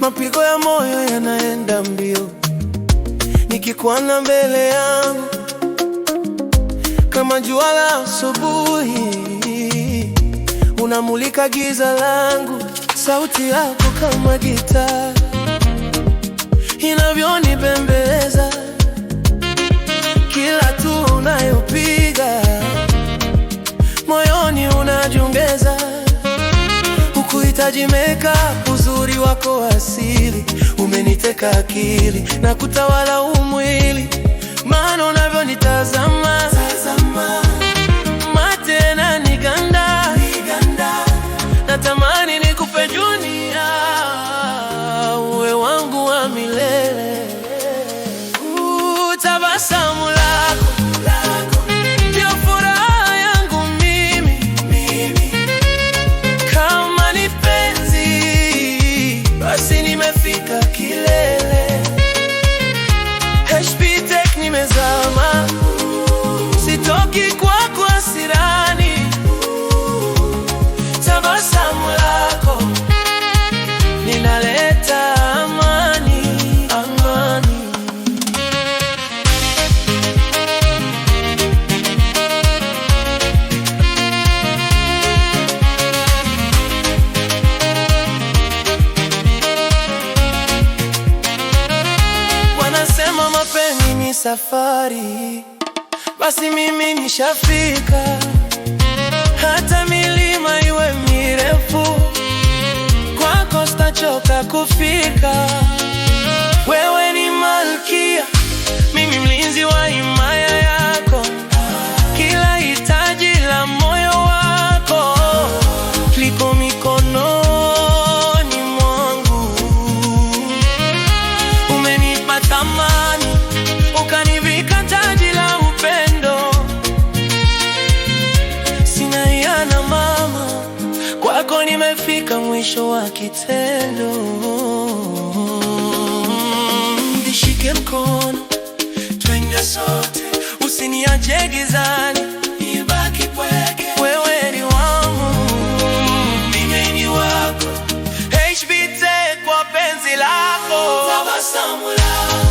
mapigo ya moyo yanaenda mbio, nikikwana mbele yangu kama jua la asubuhi, unamulika giza langu. Sauti yako kama gitaa inavyonibembeleza Nahitaji meka uzuri wako asili umeniteka akili na kutawala umwili tabasamu lako ninaleta amani, amani. Wanasema mapenzi ni safari, basi mimi nishafika hata milima iwe Jamaica. mwisho wa kitendo. Nishike mkono twende sote, usiniache gizani, nibaki pweke, wewe ni wangu, mimi ni wako. HBT kwa penzi lako, tabasamu lako